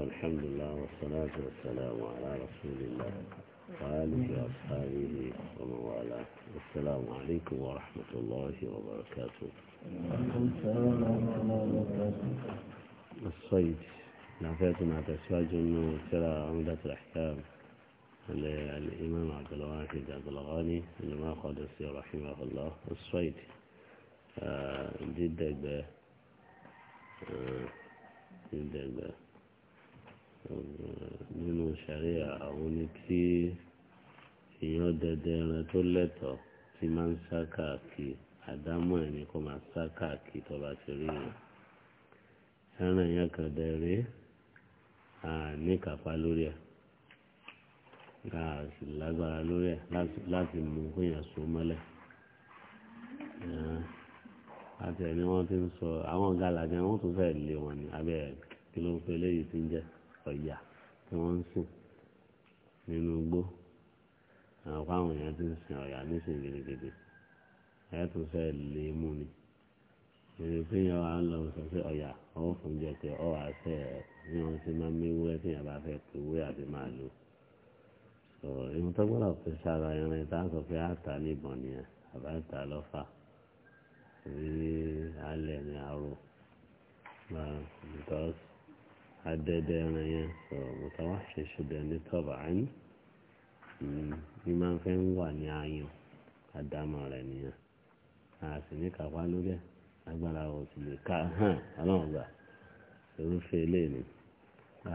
الحمد لله والصلاة والسلام على رسول الله وآله وأصحابه ومن والاه السلام عليكم ورحمة الله وبركاته الصيد نعفتنا تسواج أنه ترى عمدة الأحكام الإمام عبد الواحد عبد الغني الإمام قدسي رحمه الله الصيد آه، جدا آه، جدا جدا nínú sàríà àwọn ni kí èèyàn dẹdẹ ẹran tó lẹ́tọ̀ọ́ ti máa ń sá káàkiri àdámọ̀ ẹ̀ ni kò máa sá káàkiri tó bá ti rí yẹn ẹran yẹn kan dẹ̀ rí àníkàpá lórí ẹ̀ láàsì lágbára lórí ẹ̀ láti mú kéèyàn so mọ́lẹ̀ àti ẹni wọ́n ti ń sọ àwọn gàlàgà wọ́n tún fẹ́ẹ̀ lé wọn ni abẹ́ kí ló ń pe léyìí ti ń jẹ́ ọ̀yà tí wọ́n ń sìn nínú igbó àwọn fáwọn èèyàn ti ń sin ọ̀yà nísìn gidigidi ẹ̀ tún fẹ́ lè mú ni èrè pé yẹn wà ń lọ sọ pé ọ̀yà ọ̀hún fún jẹ pé ọ̀ wá fẹ́ ní wọn ti máa ń mú ewúrẹ́ tí yẹn bá fẹ́ pé ewúrẹ́ àti máa lò ìwọ̀n tó gbọ́dọ̀ fi sára irin tá a sọ pé àtà níbọn nìyẹn àbá ìta lọ́fà rí alẹ́ ní aró ìtọ́sí àdẹ́dẹ́rin yẹn sọ̀rọ̀ mọ̀tàwá ṣẹ̀ṣẹ̀dẹ̀ ní tọ́ba ẹni ní hmm, máa ń fẹ́ ń wà ní ayọ̀ àdámọ̀ rẹ̀ nìyẹn a sì ní kápá lórí ẹ̀ agbára ò sì lè ká hàn ọlọ́run gbà irúfẹ́ ilé ni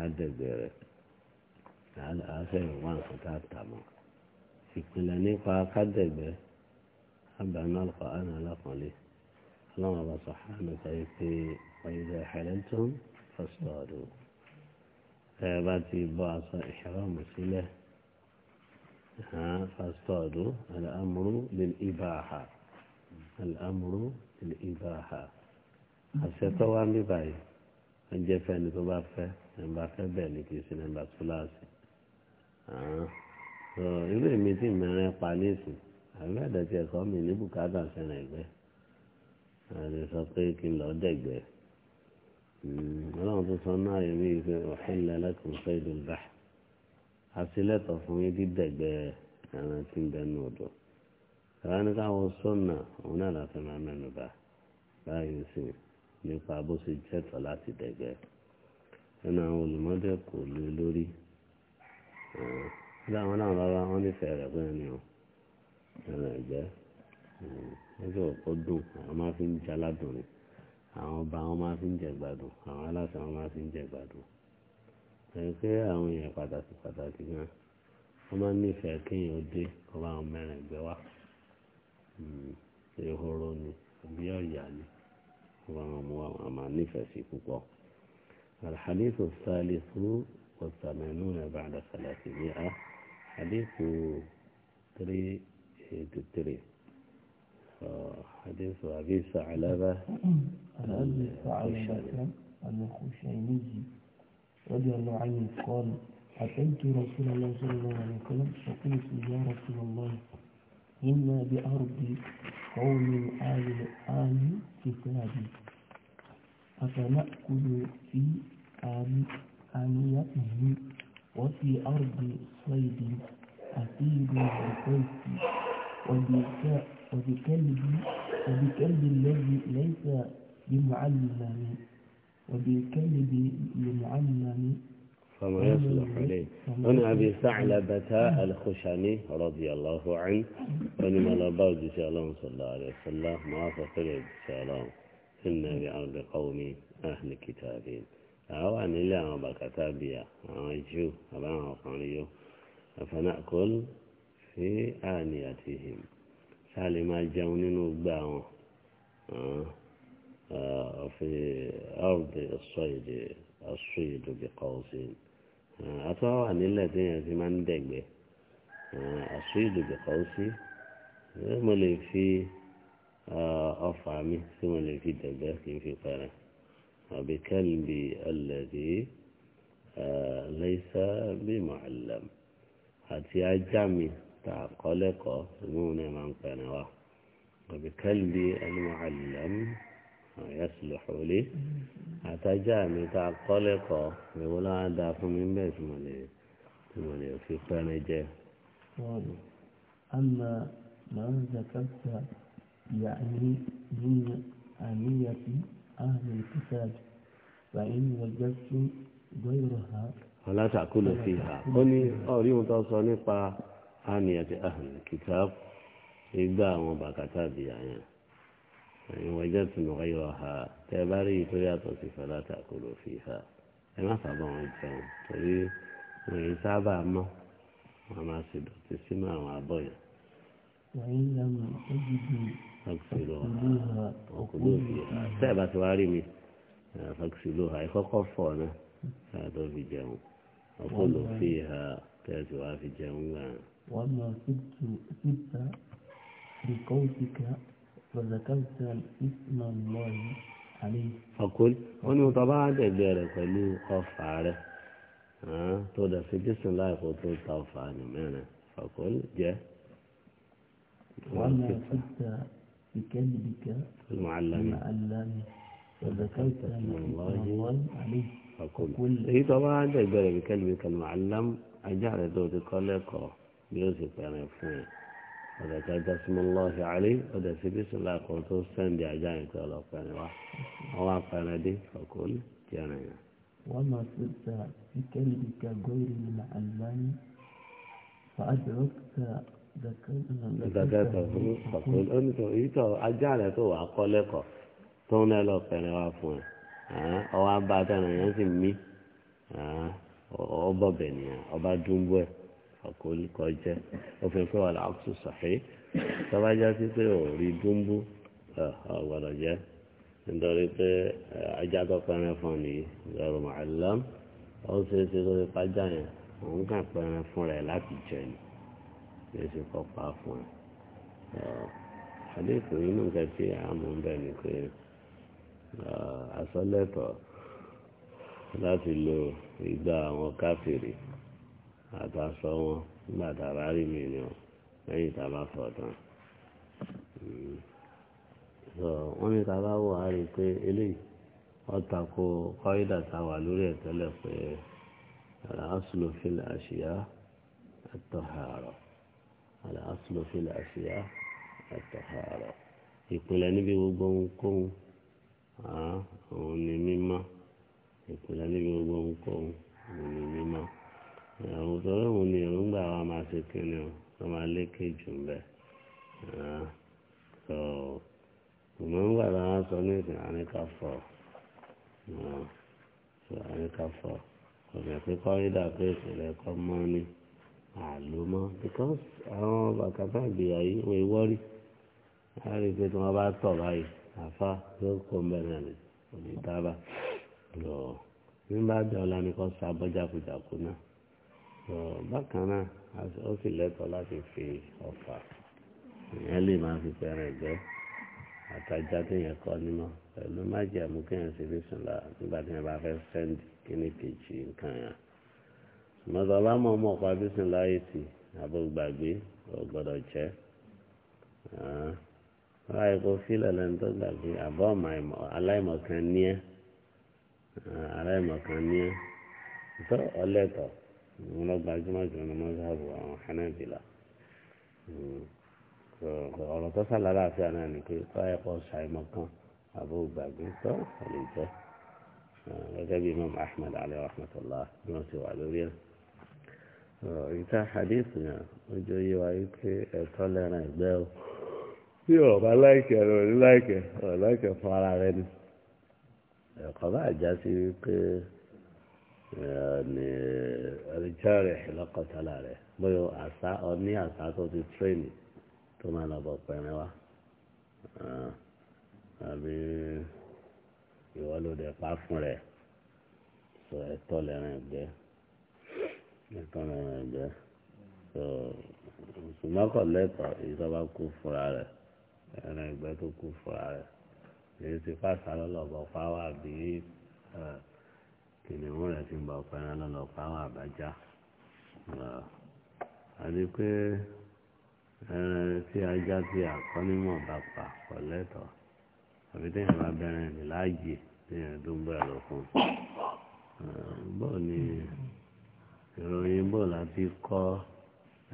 àdẹ̀gbẹ̀rẹ̀ àásẹ̀yìn wà nǹkan tá a tà mọ́ ìpìlẹ̀ nípa kádẹ̀gbẹ́ abànú àlùkò àná alákànlé ọlọ́run ọba sọ̀hánù sọ pé fọ́sọ̀rọ̀ ẹ bá ti bọ́ aṣọ ìṣàrọ̀mù sílẹ̀ fọ́sọ̀rọ̀ alámúrú lèlìbáhà alámúrú lèlìbáhà àṣẹ tó wá ní báyìí wọ́n jẹ́ fẹ́ni tó bá fẹ́ ẹ̀ bá fẹ́ bẹ́ẹ̀ ni kì í ṣe nẹ́mbà túláàsì ilé mi ti mẹ́rin pa nísìn àbí àdàtì ẹ̀kọ́ mi ní bùkátà sẹ́nà ẹ̀gbẹ́ àti sọ pé kí n lọ dẹ̀gbẹ́. Hmm, ọlọ́run tó sọ náà yẹ mí pé ọ̀hìnlẹ̀ alákùn sẹ́ẹ̀dù bá àti lẹ́tọ̀ fún yín dídẹ̀gbẹ́ ẹran tí ń bẹnu odò ẹ̀rọ ní káwọn sọ́nà òun náà láti máa mẹ́nu bá báyìí sí nípa bó ṣe jẹ́tọ̀ láti dẹ̀gbẹ́ ẹnu àwọn olùmọ́dé kò lé lórí ẹ̀rọ àwọn náà rárá wọn nífẹ̀ẹ́ rẹ̀ pé ẹni o ẹ̀rọ ẹ̀jẹ̀ ẹ̀jẹ̀ òkú dùn àwọn máa fi ń jaládùn ni àwọn ọba wọn máa fi ń jẹ gbádùn àwọn aláṣẹ wọn máa fi ń jẹ gbádùn ẹgbẹ́ àwọn èèyàn pàtàkì pàtàkì gan wọ́n máa nífẹ̀ẹ́ kéèyàn ó dé kó bá wọn mẹ́rin ẹgbẹ́ wá hmm, ehoro ni àbí ọ̀yà ni kó bá wọn mú wa wọn máa nífẹ̀ẹ́ sí púpọ̀ alhadith salisu wasamanu ba'da salasimi'a hadith three حديث أبي ثعلبة أبي ثعلبة الخشيني رضي الله عنه قال أتيت رسول الله صلى الله عليه وسلم فقلت يا رسول الله إنا بأرض قوم آل آل كتاب أتنأكل في آل آنيتهم وفي أرض صيد أفيد وصيد وبكلب وبكلب الذي ليس بمعلم وبكلب لمعلم فما يصلح عليه أنا أبي ثعلبة الخشني رضي الله عنه ونما لباج إن صلى الله عليه وسلم ما فقل إن شاء الله بأرض قومي أهل كتابين أو أن الله أبا كتابية أو يجو أبا أخانيو فنأكل fi àní àti him sáàlì máa jẹun nínú gbà wọn ọ̀fi uh, ọ̀rùbẹ̀ ọ̀sọ́ èdè ọ̀sọ́ èdè bí kọ́ọ̀sì àtọ́ wà nílẹ̀ tí yẹn ti máa ń dẹ̀gbẹ́ ọ̀sọ́ èdè bí kọ́ọ̀sì mo lè fi uh, ọfà mi tí mo lè fi dẹ̀gbẹ́ kì í fi pẹ̀rẹ̀ àbí ọ̀lẹ́dì lẹ́sà bí màálàm àti ajá mi tá a kọ́ lẹ́kọ̀ọ́ ìmúhùn náà máa ń pẹ̀rẹ̀ wa òbí kẹ́lìdì al-mu'allam yasluhu li àtàjà mi tá a kọ́ lẹ́kọ̀ọ́ ìwọ náà á dáa fún mi bẹ́ẹ̀ tí mo lè tí mo lè fi pẹ́rẹ́ jẹ. أما ما ذكرت يعني من آنية أهل الكتاب فإن وجدت غيرها فلا تأكل فيها. ó ní ọ̀rí ohun tó sọ nípa hániyàtì ahùn kìtàb igbá àwọn bàkàtà bí àyàn ẹ̀yìn wọ́jọ́ tí mo wáyé wá ha tẹ́ bá rí ìtòrí àtọ̀sí fẹ́lá tàkùrọ̀ fi ha ẹ má sábà wọn jẹun torí wọn yìí sábà mọ́ wọn máa ṣe dọ̀tí sínú àwọn abọ́ yẹn. wàyí làwọn ọ̀gbìn fàkìsìlò ha ọkùnrin òbí ha tẹ́ bá ti wá rí mi fàkìsìlò ha ìkọ́kọ́ fọ̀ náà ká tó fi jẹun ọkùnrin òbí ha tẹ́ ti wá fi jẹun gan وما سبت بقولك وذكرت اسم الله عليه فقل ونو طبعا تبير قلو قف عليه آه، ها تودا في جسم لا يقول توقف عن معنى فقل جاء وما سبت بكلبك المعلم المعلم وذكرت اسم الله عليه فقل هي طبعا تبير بكلبك المعلم أجعل دور قلقه yóò sì pẹ̀rẹ̀ fún ẹ ọ̀dà tí a dá sí mọ́lá ọ̀sẹ̀ àlẹ́ ọ̀dà sí bísílá kan tó sẹ́ndì ajá yẹn tó lọ pẹ̀rẹ̀ wá àwọn apẹ̀rẹ̀ dé ọkọ̀ ní ti ẹ̀rẹ̀ yẹn. wọ́n máa fi ta ìkẹ́lì ìka gómìnà ìlà àlùmáyé fàájọ́kítà dàkẹ́tà fún ọkọ̀ ó ní ìtọ̀ ajá rẹ̀ tó wà kọ́ lẹ́kọ̀ọ́ tó ń lẹ́ lọ pẹ̀rẹ̀ wá fún ẹ ọwọ́ abá tẹ̀rẹ̀ yẹn sì mí ọbọ̀ bẹ̀ nìyẹn ọba dúnbọ̀ ẹ̀ àkóríkọ jẹ́ òfin pé wà láàkùsù sàhé tọ́ba já sí pé ò rí dúnbú ọ̀gbọ̀dọ̀ jẹ́ nítorí pé ajá tó pẹ́rẹ́ fún ni ìrọ̀rùn màálám ó ṣe é ṣe lórí pàjá yẹn òun kàn pẹ́rẹ́ fún rẹ̀ láti jẹ ni bí ó ṣe kọ́ pa fún ẹ. àdéhùn inú nǹkan tí a mú ń bẹ̀ ni pé àsọlẹ́tọ̀ láti lo ìgbà àwọn káfíìrì àtàṣọ wọn nígbà tá a bá rí mi ni ọ lẹ́yìn tá a bá fọ̀ tán. Hmm. wọ́n ní tá a bá wò á rí i pé eléyìí wọ́n tako kọ́ídà tá a wà lórí ẹ̀ tẹ́lẹ̀ pé àlàáṣùlò àṣìyá àtọ̀hàrọ̀ àlàáṣùlò àṣìyá àtọ̀hàrọ̀ ìpìlẹ̀ níbi gbogbo ohunkóhun òun ni mímọ́ ìpìlẹ̀ níbi gbogbo ohunkóhun òun ni mímọ́ àwọn tọ́lá wo ni èròǹgbà wa máa ṣe kíni o tó máa lékè jù ń bẹ̀ so ìmọ̀ǹgbà la wá sọ ní ìsìn àníkà fọ̀ so àníkà fọ̀ kò ní pé kọ́rídà pé ìpìlẹ̀ kọ́ mọ́ ni àlùmọ́ because àwọn bàkàtà ìgbìyà yìí wọ́n wọ́rí a rí i pé tí wọ́n bá tọ̀ báyìí àfa yóò kó ń bẹ̀ náà ni kò ní lọ nígbà bí ọlá ni kò sá bọ́jà kùjàkù náà bákan náà ó sì lẹ́tọ̀ọ́ láti fi ọ̀fà èèyàn lè máa fi pẹ̀rẹ̀ gbẹ́ àtajà téèyàn kọ́ nínú pẹ̀lú májèmú kéèyàn sì fi sùn láà nígbà tí wọ́n bá fẹ́ sẹ́ndì kíní kejì nǹkan yẹn mọ̀tọ́ bá mọ̀ mọ̀ pa bí sùn láyé sí àbò gbàgbé ò gbọ́dọ̀ jẹ́ láyé kó fílẹ̀ lẹ́nu tó gbàgbé àbọ̀ aláìmọ̀kan ní ẹ́ aláìmọ̀kan ní ẹ́ tó ọlẹ́tọ̀ọ́ òun lọ gbajúmọ̀ jù ní mọ́sáàbù àwọn hanabila hmm. ọ̀rọ̀ tó sàlára àti àná ni pé báyẹ pọ̀ ṣàìmọ̀ kan àbó gbàgbé tó lè jẹ́ hmm. gẹ́gẹ́ bí imam ahmed alayhi rahmatullah ni wọ́n ti wà lórí ẹ̀ ìta hadith yẹn ojú yìí wáyé pé ẹ̀tọ́ lẹ́ran ẹ̀gbẹ́ o tí ọba láìkẹ́ rẹ̀ ní láìkẹ́ ọ̀rọ̀ láìkẹ́ fún ara rẹ̀ ni ẹ̀kọ́ bá já wípé ní ẹ̀rìjá rẹ̀ lọ́kọ̀tàlá rẹ̀ bóyá àṣà ọní àṣà tó ti tírèènì tó máa lọ bọ̀ pẹ̀rẹ̀ wá àbí ìwọ ló dẹ̀ pa fún rẹ̀ sọ ẹ̀tọ́ lẹ́rìn ẹ̀gbẹ́ ẹ̀tọ́ lẹ́rìn ẹ̀gbẹ́ sọ òṣùmọ́kọ̀ lẹ́tọ̀ ìjọba kú fúnra rẹ̀ ẹ̀rìn ẹ̀gbẹ́ tó kú fúnra rẹ̀ èyí ti fàṣà lọ́lọ́bọ̀ fáwọn àbí kìnìún rẹ̀ ti ń bá ọpẹran lọ́lọ́ pa àwọn àbájá àti pé tí ajá tí àkọ́nímọ̀ bá pa pọ̀ àbí ní láàyè téèyàn tó ń bẹ̀rẹ̀ lọ fún un bọ́ọ̀ ni ìròyìn bọ́ọ̀ láti kọ́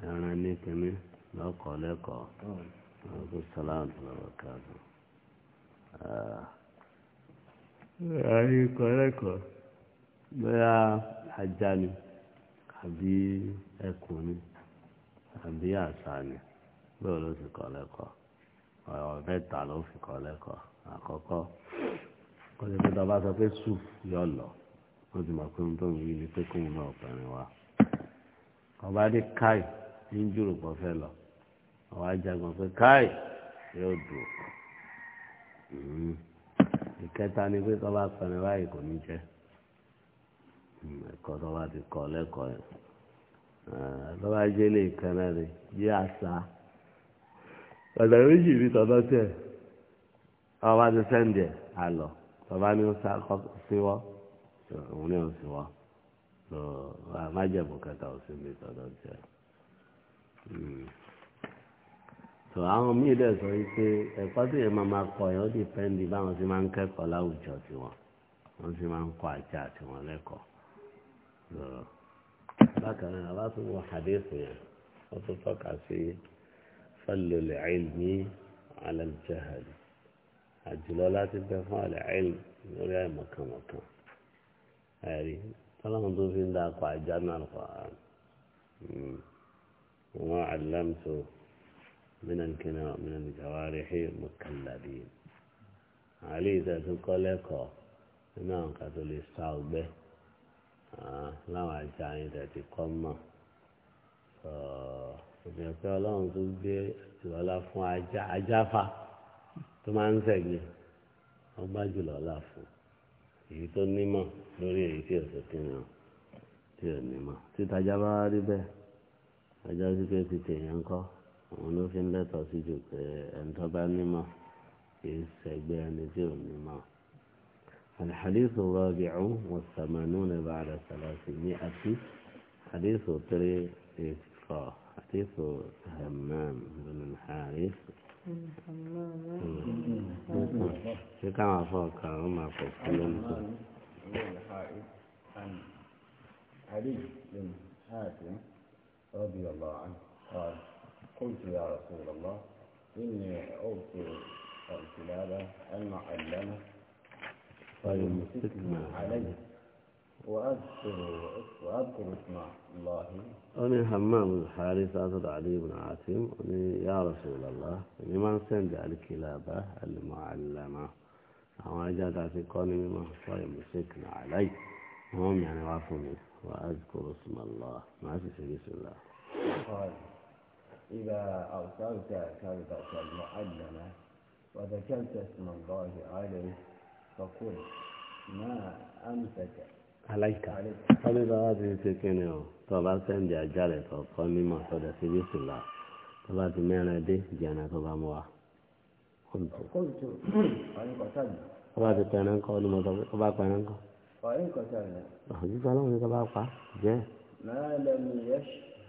ẹran ní kínní bóyá ajá ni àbí ẹkùn ni àbí àṣà ni bóyá ló fi kọ́ lẹ́kọ̀ọ́ ọ̀rọ̀ mẹ́ta ló fi kọ́ lẹ́kọ̀ọ́ àkọ́kọ́ kó lè fi dọ́ba sọ pé sùf yọ lọ ó ti mọ̀ pé ohun tó ń wí ni pé kóun náà pẹ̀rin wa ọba ní káì ní jùrù pọ̀ fẹ́ lọ ọba jagun pé káì yóò dùn hmm. ìkẹta ni pé tọ́ba pẹ̀rin báyìí kò ní jẹ́ ẹ̀kọ́ tó bá ti kọ́ lẹ́kọ̀ọ́ yẹn tó bá jẹ́ lè kan náà ni bí àṣà ọ̀dà méjì ní tọ́tọ́ tẹ̀ ọba ti sẹ́ǹdì ẹ̀ àlọ́ tọ́ba ní ó síwọ́ òun ní ó síwọ́ tó àmájẹ̀bù kẹta ò sí ní tọ́tọ́ tẹ̀ tò hmm. àwọn míì dẹ̀ sọ wípé ẹ̀kọ́ tó yẹ máa máa kọ ẹ̀ ó dìpẹ́ndì báwọn sì máa ń kẹ́kọ̀ọ́ láwùjọ tiwọn wọ́n sì máa ń kọ àjà tiwọn lẹ́kọ̀ọ́ bákan náà alásùnwò hadithu yẹn wọ́n tún tọ́ka sí fẹ́lẹ̀lẹ̀ ilmi alẹ́jẹ̀hẹ̀lì àjùlọ láti bẹ fún alẹ́ ilmi lórí àìmọ̀kànmọ̀kàn ẹ̀rí tọ́lọ́mù tó fi ń da akọ àjà náà lọ́kọ̀ àrùn wọ́n àlámtò mìíràn kìnnà mìíràn jàwárí hí mọ̀kànlábí kọ́lẹ́kọ̀ọ́ nínú àwọn kàtó lè sá láwọn ajá yín tẹ̀tí kọ́ mọ̀ ìgbìyànjú pé ọlọ́run tó gbé ìlọ́lá fún ajá ajáfa tó máa ń sẹ̀gbìn ọgbà jùlọ ọ̀la fún èyí tó nímọ̀ lórí èyí tí ò sókè yàn tí ò nímọ̀ títajà bá rí bẹ́ẹ̀ ajá sí pé ti tèèyàn kọ́ òun ló fi ń lẹ́tọ̀ọ́ sí jù pé ẹni bá nímọ̀ kì í sẹ̀gbẹ́ ẹni tí ò nímọ̀. الحديث الرابع والثمانون بعد ثلاثمائة حديث تري إسفا حديث همام بن الحارث كما فوق ما قلت عن علي بن حاتم رضي الله عنه قال قلت يا رسول الله إني أوصي الكلاب المعلمة فيمسكنا طيب، عليه وأذكر وأذكر اسم الله أني همام الحارث أسد علي بن أني يا رسول الله أني ما نسند على الكلابة المعلمة أو أجاد في قولي مما فيمسكنا عليه هم يعني عرفوني وأذكر اسم الله ما في سبيل الله قال طيب. إذا أرسلت كلبة المعلمة وذكرت اسم الله عليه فقل ما أمسك عليك طبيب هذه تكيني طبعا سندي أجالي فقل مما صدى في بسم الله طبعا تمينا دي جانا طبعا موا قلت قلت فإن قتلنا طبعا تكينا قول مطبع طبعا قتلنا فإن قتلنا أحجي صلاة ونكبع قا جاء ما لم يشك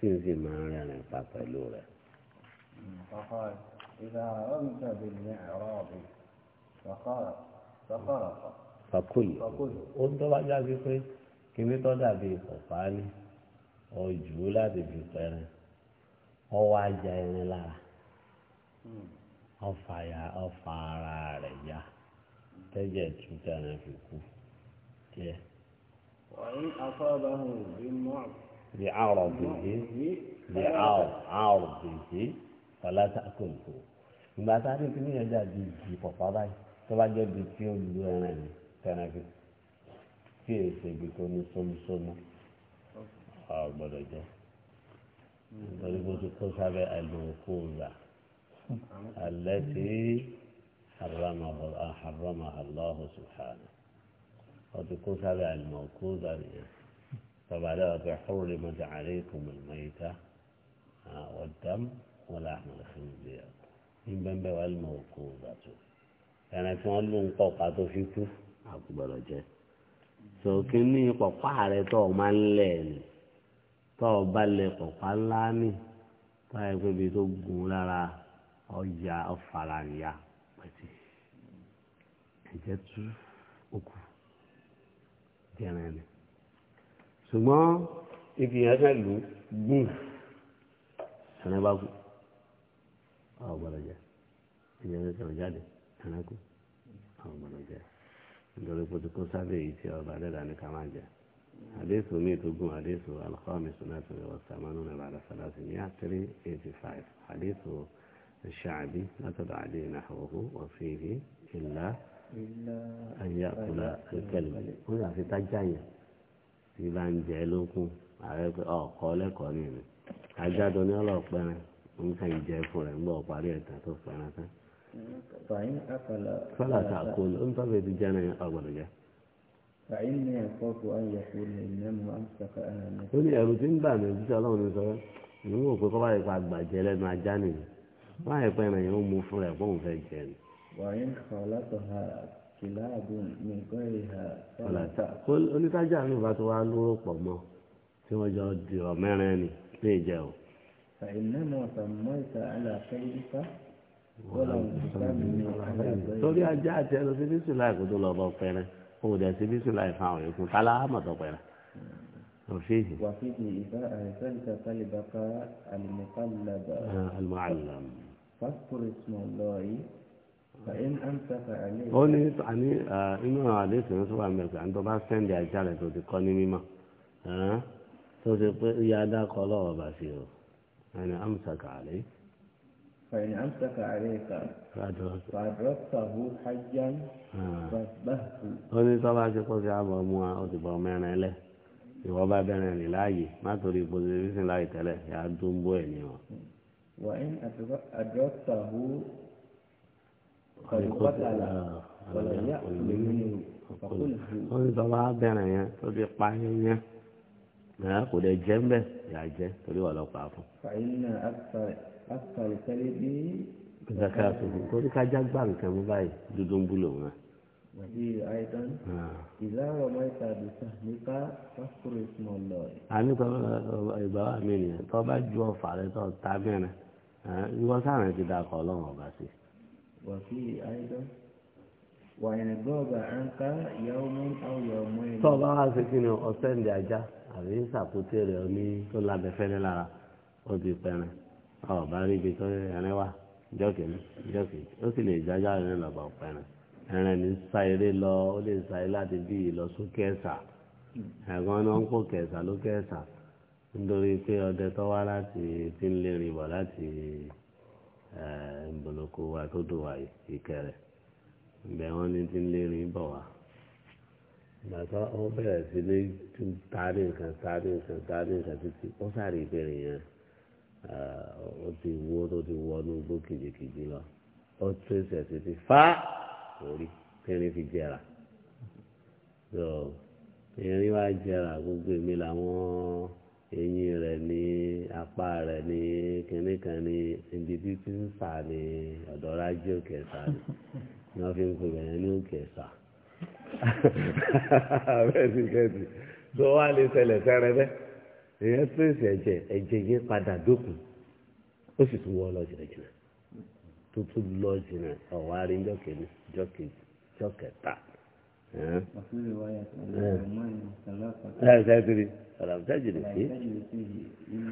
tí n sì máa ń rẹ́rìn pa pẹ̀lú rẹ̀. fakul ó ń tọ́ba jáde pé kíní tó dàbí ọ̀fà ni ọ̀jù láti fi pẹ́rẹ́ ọwọ́ ajá irin lára ọfà hmm. ya ọfà ara rẹ̀ ya tẹ́jẹ̀ tún tẹ̀rẹ̀ fi kú díẹ̀. wàá ní afọ́ bá hùwù bí mọ́ọ̀kì. بعرضه بعرضه فلا تأكله ìgbà tá a ti fi níyànjú àbí ìjì pọ̀pá báyìí tó bá jẹ́ ibi tí ó lu ẹran yìí tẹnafi tí èsì ibi tó ní sómúsómú ọ̀gbọ́dọ̀ jẹ́ nítorí bó ti kó sábẹ́ فبعدها فحرمت عليكم الميتة والدم ولحم الخنزير من بنب والموقوضة يعني كان لهم قوقعة فيكو أكبر جه so kínní pọ̀pá rẹ tó o máa ń lẹ̀ ni tó o bá lẹ pọ̀pá ńlá ni tó o yẹ pé ibi tó gùn lára ọjà ọ̀fàlàyà pẹ̀tì ẹ̀jẹ̀ tú òkú jẹ́rẹ̀ ni ṣùgbọ́n ibi yẹn fẹ́ lù gbùn ẹ̀rọ bá kú àwọn gbọ́dọ̀ jẹ ẹ̀jẹ̀ ló sọ̀rọ̀ jáde ẹ̀rọ kú àwọn gbọ́dọ̀ jẹ nítorí pé kó sábẹ́ èyí tí ọba dẹ́dà ní ká máa jẹ àdéhùn mi tó gùn àdéhùn alkhami sunatu wa samanu na bàdà salasi ní àtìrí eighty five àdéhùn الشعبي نتبع عليه نحوه وفيه إلا أن يأكل الكلب هنا في تجاية tí bá ń jẹ lókun ààrẹ pé ọkọ lẹ́kọ̀ọ́ nìyẹn ajádọ ní ọlọ́pẹrẹ ń kàn jẹ fún rẹ̀ ńgbọ́ parí ẹ̀tàn tó pẹrẹ tán. fọlá ta kó ló ń tọ́jú ti jẹ́ ní ọgbọ̀dọ̀ jẹ́. ó ní ẹ̀rù tí ń bà mí ọlọ́run ní ìwọ́n òpè kọ́ lẹ́nu ajá yẹn ó mú fún rẹ̀ fẹ́ jẹ ni. kìláàbùn nìkan ìhà ọ̀làtà. onítajà mi bá tó wá lóró pọ̀ mọ́ tí wọ́n jọ di ọ̀ mẹ́rin ni lè jẹ́ o. فإنما سميت على خيرك ولم تسمي على غيرك. torí ajá àti ẹnu síbí sùn láì kó tó lọ bọ pẹrẹ kó o dẹ síbí sùn láì fáwọn èkó kálá àmọ̀tọ̀ pẹrẹ. وفيه وفيه إذا أهتلت قلبك المقلب المعلم فاذكر اسم الله ó ní àní inú àwọn àdéhùn ní sọ́wọ́ àmì ẹ̀sán tó bá sẹ́ndì ajá rẹ̀ tó ti kọ́ ní mímọ́ tó ṣe pé iye adákọ̀ ọlọ́wọ́ bá sí o ẹni amsaka àlẹ́. فإن أمسك عليك فأدركته حجا فاسبهت. ó ní tọ́lá ṣe kó ṣe àbọ̀ mu a ó ti bọ̀ mẹ́rin lẹ́ ìwọ bá bẹ̀rẹ̀ ní láàyè má torí ìpolówó sísìn láì tẹ́lẹ̀ yàá dún bó ẹ̀ ní wọn. وإن أدركته ó ní tọ́ bá bẹ̀rẹ̀ yẹn tó ti pa yẹn yẹn náà kò lè jẹ́ mbẹ́ yà jẹ́ torí wà lọ́pàá fún. Gbèsàkà àtúntò torí ká já gbà nǹkan mú báyìí dúdú ń búlò wọn. Àní tọ́ ìgbà wà mí nìyẹn tọ́ bá ju ọ̀fà rẹ tọ́ ta mẹ́rin ìwọ sáà rẹ ti dà kọ́ ọlọ́run ọ̀gá sí i. وفيه أيضا وإن غاب عنك يوم أو يومين طبعا سكينة أسند أجا àbí sàkúté rẹ ní tó lábẹfẹlẹ lára ó ti pẹrẹ ọ bá rí ibi tó ẹrẹ wà jọkìní jọkìní ó sì lè jájá rẹ lọba pẹrẹ ẹrẹ ní sa eré lọ ó lè sa eré láti bí ìlọ sókè ẹsà ẹ̀gbọ́n náà ń kó kẹsà lókè ẹsà nítorí pé ọdẹ tó láti ti ń lè rìn bọ̀ láti. Eh, ìbòlòkó wa tó dùn wáyé ìkẹrẹ ìbẹ̀ wọn ní ti ń lérin bọ̀ wá gbàtọ́ ó bẹ̀rẹ̀ sí ní tààrí nǹkan tààrí nǹkan tààrí nǹkan títí ó sáré ìbéèrè yẹn eh, ó ti wó tó ti wọnú igbó kìjìkìjì lọ ó tẹ̀sí ẹ̀ títí fá orí tẹ́rin fi jẹrà tẹ́rin wá jẹrà gbogbo èmi làwọn. eyín rẹ ní apá ha ní ha kan ní ha tí ha ń sà ní ha ha òkè sà ní ha wọ́n fi ń ha ha ní òkè sà ha ha tó wá lè ṣẹlẹ̀ ha bẹ́ ha ha ha ẹ̀jẹ̀ yẹn padà dókun ó sì tún wọ́ ha ha jìnnà ha tó tún lọ jìnnà ọ̀wá rí jọ́kẹ́ni jọ́kẹ́ta. لا تدري فلم تجد فيه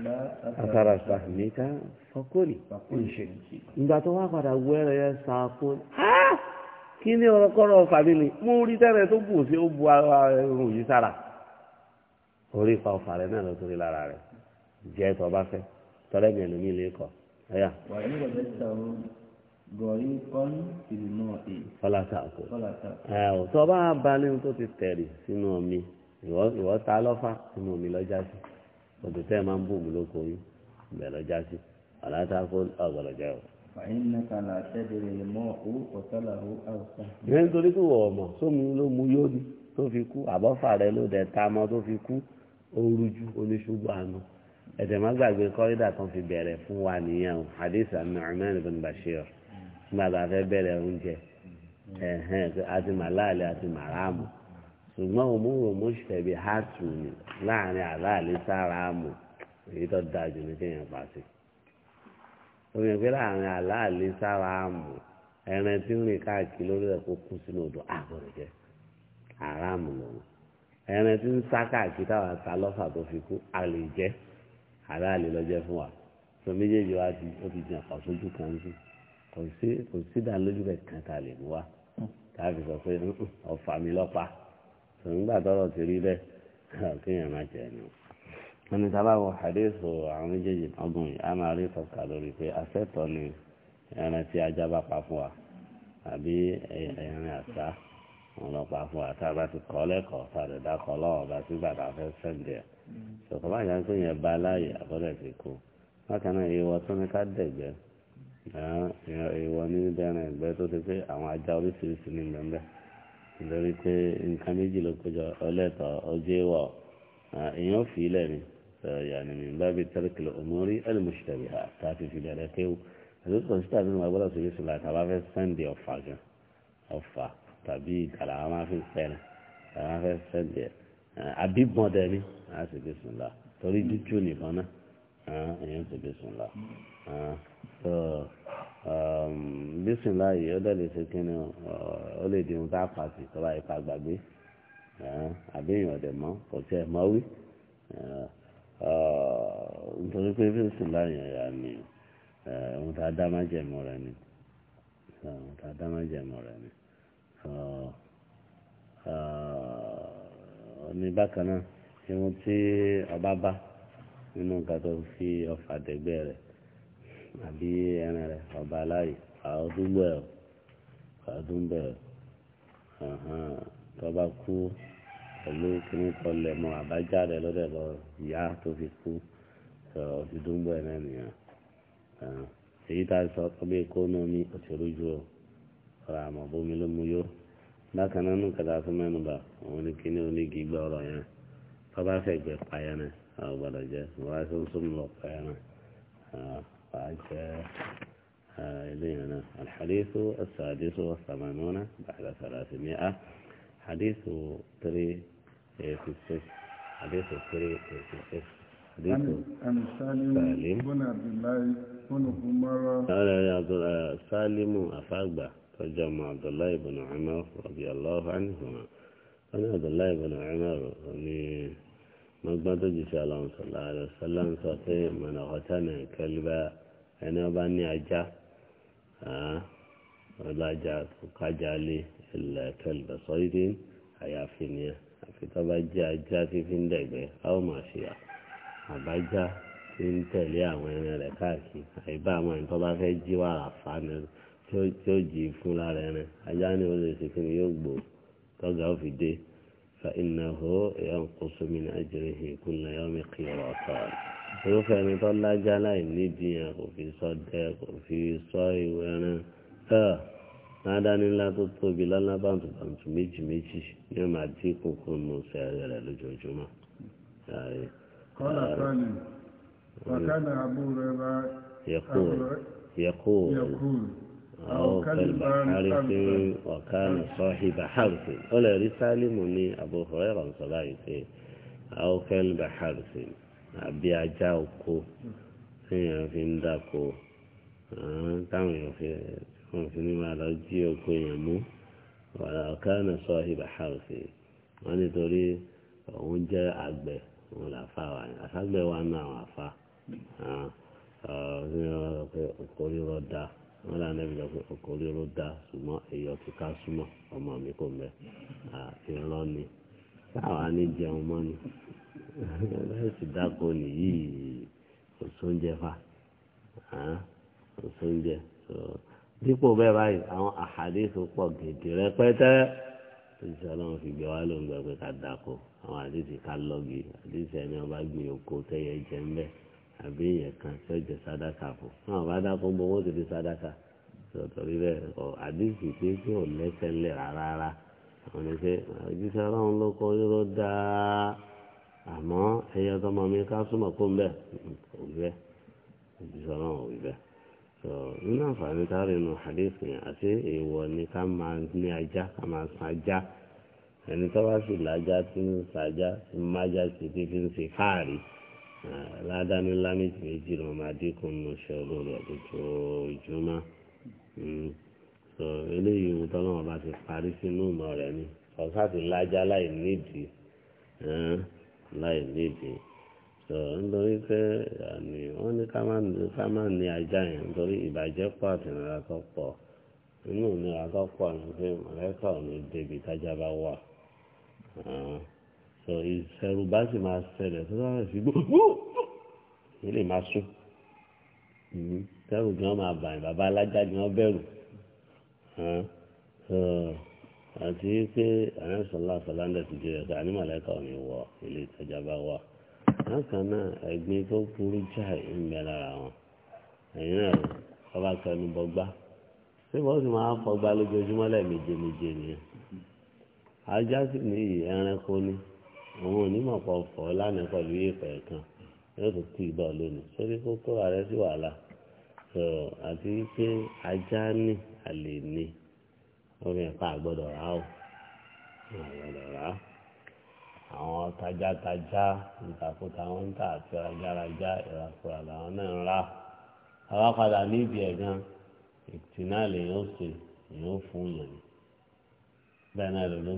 أثر فهمك فقل إن شئت إذا توافر أول يا ساقول kí ni ọ̀rọ̀ kọ́rọ̀ ọ̀fàmì ni mo rí tẹ́rẹ̀ tó bù sí ó bu irun yìí sára orí pa ọ̀fà rẹ náà lọ́tọ́rí lára rẹ jẹ́ tọ́ bá fẹ́ tọ́lẹ́mì ẹlòmíì lè kọ́ ẹ̀yà. wàá ní ìrọ̀lẹ́ sọ̀rọ̀ gọ̀rí kọ́n ìlú náà èyí. fọlá sàkó fọlá sàkó. ẹ ò tọ́ bá ba ní tó ti tẹ̀rì sínú omi ìwọ ìwọ ta lọ́fà sínú omi lọ́jà sí òtún tẹ́ ẹ máa ń bù mí lóko yín ìbẹ̀ lọ́jà sí ọ̀là sàkó ọ̀gbọ̀lọ̀ jẹ́ o. fàyínàkà làṣẹ bèrè mọ́ owó kọ̀tọ́là owó àwùsá. ìyẹn nítorí pé wọ̀ ọ̀mọ̀ sómi ló mu yóò ní tó fi kú àbọ̀fà rẹ ló dẹ̀ ta mọ́ tó fi kú orújú oníṣubú àná ẹ̀dẹ̀ má gbàgbé kọ́rídà kan fi bẹ̀rẹ̀ fún wa nìyẹn o hadith an ibn Bashir nígbà tá a fẹ́ bẹ̀rẹ̀ oúnjẹ àti màláàlì àti màràmù ṣùgbọ́n òmùrò mọ́ṣẹ̀bí hàtù ni láàrin àláàlì sáràmù èyí tó dájú ní kéèyàn pàṣẹ. omi ìpín láàrin àláàlì sáràmù ẹran tí ń rìn káàkiri lórí ẹ̀kọ́ kú sínú odò àbọ̀rọ̀ jẹ́ àràmù lòun ẹran tí ń sá káàkiri táwọn ta lọ́fà tó fi kú àlè jẹ́ àláàlì lọ́jẹ́ fún wa tó méjèèjì wa ti ó ti jìn àpàṣójú kan sí i. kò sí kò kan tá a lè mú wa fi sọ pé ọ̀fà mi lọ́pa sọ̀rọ̀ǹgbà tọrọ ti rí bẹ́ẹ̀ kéèyàn máa jẹ ẹnu. ní sábà wọ àwọn méjèèjì yìí a máa rí tọ́ka lórí pé ni ẹran tí ajá bá pa fún wa àbí ẹran àṣà wọn lọ pa fún wa tá a bá ti kọ́ lẹ́kọ̀ọ́ lọ́wọ́ bá sí fẹ́ yẹn hmm. bá láàyè àbọ̀dẹ̀ ti kú bákan náà ìwọ ní dẹ́rìn ìgbẹ́ tó ti pé àwọn ajá oríṣiríṣi ní gbẹ̀ngbẹ́ nítorí pé nǹkan méjì ló kójọ ọlẹ́tọ̀ ọjọ́ ìwọ̀ èèyàn fi ilẹ̀ ni yàní mi bá bi tẹ́rìkì lọ òmórí ẹlẹ́mọ̀ṣẹ̀lẹ̀ bíi àtà ti fi bẹ̀rẹ̀ kéwù àti kò síta nínú agbọ́dọ̀ síbi sùn láti àbá fẹ́ sẹ́ndì ọ̀fà gan ọ̀fà tàbí ìgbàlà àwọn máa fi pẹ́ẹ́rẹ́ àwọn máa fẹ́ sẹ́ndì àbíbọn dẹni àti síbi sùn lá torí jújù nìkan náà èèyàn ti bi sùn Ah. Um, bísìn láàyè ó dẹ̀lẹ̀ ṣe kí ni ó lè di ohun tá a pàṣẹ tó bá ipa gbàgbé ah, àbí èèyàn ọ̀dẹ̀ mọ́ kò tiẹ̀ mọ́ wí ah, nítorí pé bísìn láàyè rà ni eh, ohun tá a dá má jẹ̀mọ́ rẹ̀ ni ohun tá a dá má jẹ̀mọ́ rẹ̀ ni ní bákan náà ihun tí ọba bá nínú nǹkan tó fi ọfà dẹgbẹ́ rẹ̀ àbí ẹran rẹ̀ ọba láyè ọdún bẹ̀ ọ́ ọdún bẹ̀ ọ́ tọ́ba kú pẹ̀lú kíní kan lẹ̀ mọ́ àbájáde lọ́dẹ̀ lọ ìyá tó fi kú ọdún tó ń bẹ̀ náà nìyẹn èyí tá a sọ ọbẹ̀ èkó náà ní òṣèlú ju ọ ọ̀rọ̀ àmọ̀ bómi ló mú yó bákan náà nù kẹta tó mẹ́nu bà òun ní kíní onígi gbọ́ ọ̀rọ̀ yẹn tọ́ba fẹ̀gbẹ́ payẹ́ náà àwọn gbọ́dọ̀ jẹ́ wọ́n á náà. عشاء إلينا آه، الحديث السادس والثمانون بعد ثلاثمائة حديث تري إيه، في حديث تري إيه، في عن حديث سالم بن عبد الله بن عمر سالم أفاقبة ترجم عبد الله بن عمر رضي الله عنهما أنا عبد الله بن عمر يعني mo gbọ́n tó jù sí ọlọ́run sọ̀lá rẹ̀ sọ́lá ń sọ pé mọ̀nàkọ́tà náà kẹ́líbà ẹni ọba ní ajá ọlájà kájà lé ilẹ̀ kẹ́líbà sọ́yìdì àyàfi ni ẹ àfi tó bá jẹ́ ajá tí fi ń dẹ̀gbẹ́ a ó máa ṣe àbájá tí ń tẹ̀lé àwọn ẹran rẹ̀ káàkiri àyíbá àwọn ẹni tó bá fẹ́ jí wàrà fa ni tí ó jí fún lára ẹran ajá ni ó lè ṣe kí ni yóò gbò tọ́gà ó fi dé. فإنه ينقص من أجره كل يوم قيراطان irúfẹ́ ẹni tó lájá láì nídìyàn kò fi sọdẹ kò fi sọ ìwé ẹran ẹ ládání ńlá tó tóbi lọ́lá bàǹtùbàǹtù méjì méjì ní ọmọ àti kókó nù sẹ́rẹ̀ rẹ̀ lójoojúmọ́. kọ́lá sani wàkánà àbúrò ẹ bá yẹkùn yẹkùn. أو كالحارث وكان صاحب حرث ولا رسالة من أبو هريرة صلاحيته أو كالبحرث àbí ajá oko téèyàn fi ń dáko táwọn èèyàn fi wọn fi ní máa lọ jí oko èèyàn mú wàrà ọ̀ká náà sọ ibà hàùsì wọn nítorí òun jẹ́ àgbẹ̀ òun làfa wà ní àṣàgbẹ̀ wà náà àwọn àfa kò ní lọ da wọn là nẹ́bí lọ pé ọkọ̀ orí ló dá ṣùgbọ́n èyí ọtí ká súnmọ́ ọmọ mi kò mẹ́ ìran ni táwa ní jẹun mọ́ ni láìsí dáko nìyí òṣóúnjẹ fa òṣóúnjẹ dípò bẹ́ẹ̀ báyìí àwọn àhàdíìsì pọ̀ gèdè rẹpẹtẹ ìṣọlọ́run fi gbé wá lóun gbẹ ká dáko àwọn àdéhìí ká lọ́gì àdéhìí ẹni ọba gbé oko tẹ́yẹ jẹ ńbẹ́. àbí èèyàn kan jẹ sadaka fún náà bá adákùn bó wọn ti di sadaka sọtọrí bẹ́ẹ̀ ọ àdéhùn ò lẹsẹlẹ kọ yọrọ dáa àmọ́ ẹyẹ ọtọmọ mi ká súnmọ́ kó bẹ bẹ nínú àǹfààní àti ni ká máa ní ajá ká máa san ajá ẹni tó bá sì lájá tí ń sàjá ń májá aládàáni ńlá méjì méjì ló máa dínkù nínú iṣẹ́ olórí ojoojúmọ́ hmm. so eléyìí ohun tó lọ́wọ́ bá ti parí sínú ìmọ̀ rẹ̀ ni ọ̀sá ti lájá láì nídìí láì nídìí so nítorí pé àmì wọ́n ní ká má ní ajá yẹn nítorí ìbàjẹ́ pọ̀ àti ìrora tó pọ̀ nínú ìnira tó pọ̀ ni pé mọ̀lẹ́kà ò débi tájá bá wà sọ ìṣẹ̀rù bá sì máa ṣẹlẹ̀ tó bá sì gbó yìí lè máa sún ṣẹ̀rù gan máa bàyìn bàbá alájà gan bẹ̀rù àti pé àyànṣọlá sọláńdà ti di ẹ̀ka ní màlẹ́kà ò ní wọ ilé ìtajà bá wà bákan náà ẹ̀gbin tó burú jáì ń bẹ lára wọn ẹ̀yin náà ọba kẹnu bọgbá ṣé bọ́ọ̀ sì máa ń fọgbá lójoojúmọ́ lẹ́ẹ̀mejì méje nìyẹn ajá sì ní ẹranko ni àwọn onímọ̀ kan fọ́ lánàá pẹ̀lú ìpẹ̀ kan yóò tó kú ibà lónìí sórí kókó ààrẹ sí wàhálà sọ̀rọ̀ àti wípé ajá ní àlè ní orí ẹ̀ka àgbọ̀dọ̀ rà ó àgbọ̀dọ̀ rà á àwọn tajátajá ìtàkùtà wọn ń tà àti rajaraja ìrakura làwọn náà ń rà àwa padà níbi ẹ̀ gan ìtìná lèyìn ó ṣe èyàn ó fún yàn bẹ́ẹ̀ náà ló ló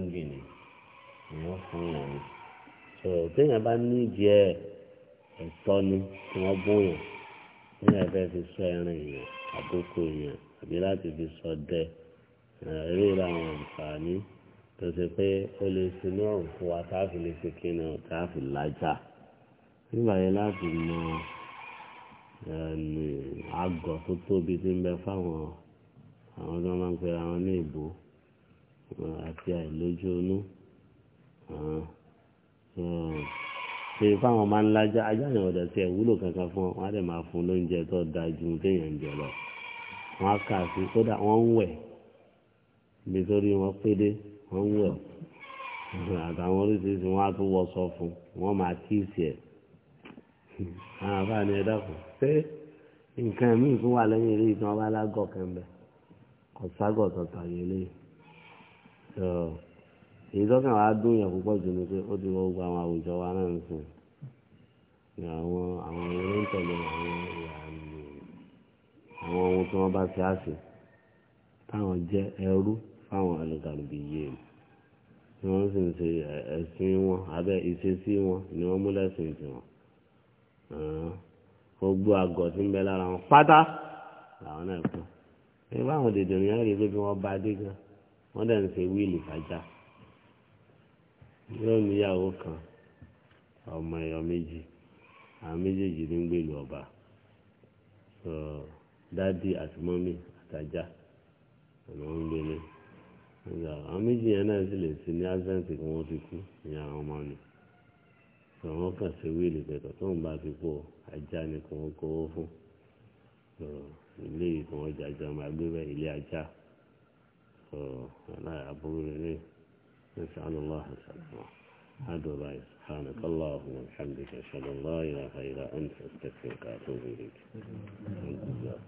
ń ó fún yàn ní so téèyàn bá ní ìdí ẹ ẹ̀tọ́ ni tí wọ́n gún yàn téèyàn fẹ́ fi sọ ẹran èèyàn àkókò èèyàn àbí láti fi sọ dẹ eré àwọn àǹfààní tó ṣe pé ó lè sinú ọ̀rùn fún wa káàfi lè ṣe kíni ọ̀ káàfi lájà nígbà yẹn láti mọ àgọ́ tó tóbi tí ń bẹ fáwọn àwọn tó máa ń pera wọn ní ìbò àti àìlójú inú. Hmm. ṣe fáwọn máa ń lájà ajá yẹn ọ̀dọ̀ tí ẹ wúlò kankan fún ọ wọn á dẹ̀ máa fún lóúnjẹ tó da ju téèyàn ń jẹ lọ wọn á kà sí kódà wọn ń wẹ̀ ibi tó rí wọn pédé wọn ń wẹ̀ àtàwọn oríṣiríṣi wọn á tún wọ sọ fún wọn máa kíìsì ẹ àwọn afáàní ẹ dákun ṣé nǹkan míì tún wà lẹ́yìn eré ìtàn ọba alágọ̀ kan bẹ kò ságọ̀ tọ̀tọ̀ yẹn lé èyí tọ́kàn wá dùn yàn púpọ̀ jù ni pé ó ti wọ gbogbo àwọn àwùjọ wa náà ń sìn àwọn àwọn eré ń tẹ̀lé àwọn àwọn ohun tí wọ́n bá ti á sí táwọn jẹ́ ẹrú fáwọn alùpàlùbí yìí ni wọ́n sì ń ṣe ẹ̀sìn wọn abẹ́ ìṣesí wọn ni wọ́n mú lẹ́sìn tiwọn gbogbo àgọ̀ tí ń bẹ lára wọn pátá làwọn náà kú ẹ báwọn dèdè ní àyè pé wọ́n bá dé gan wọ́n dẹ̀ ń ṣe wíìlì fàjà yóò níyàwó kan ọmọ ẹ̀yọ méjì àwọn méjèèjì ní gbèlú ọba dádì àti mọ́mí àtàjà ọ̀nà ń gbélé àwọn méjì yẹn náà sì lè sí ní ásẹ́ǹtì kí wọ́n ti kú ní àwọn ọmọ ni àwọn kan ṣe wíìlì pẹ̀tọ̀ tó ń bá fi pọ̀ ajá ni kí wọ́n kówó fún ilé ìfowópamọ́ ajá máa gbé bẹ́ẹ̀ ilé ajá aláàbúrò lélẹ́yìn. نسأل الله السلامة هذا ضعيف سبحانك اللهم وبحمدك أشهد الله لا إله إلا أنت استكفرك أتوب إليك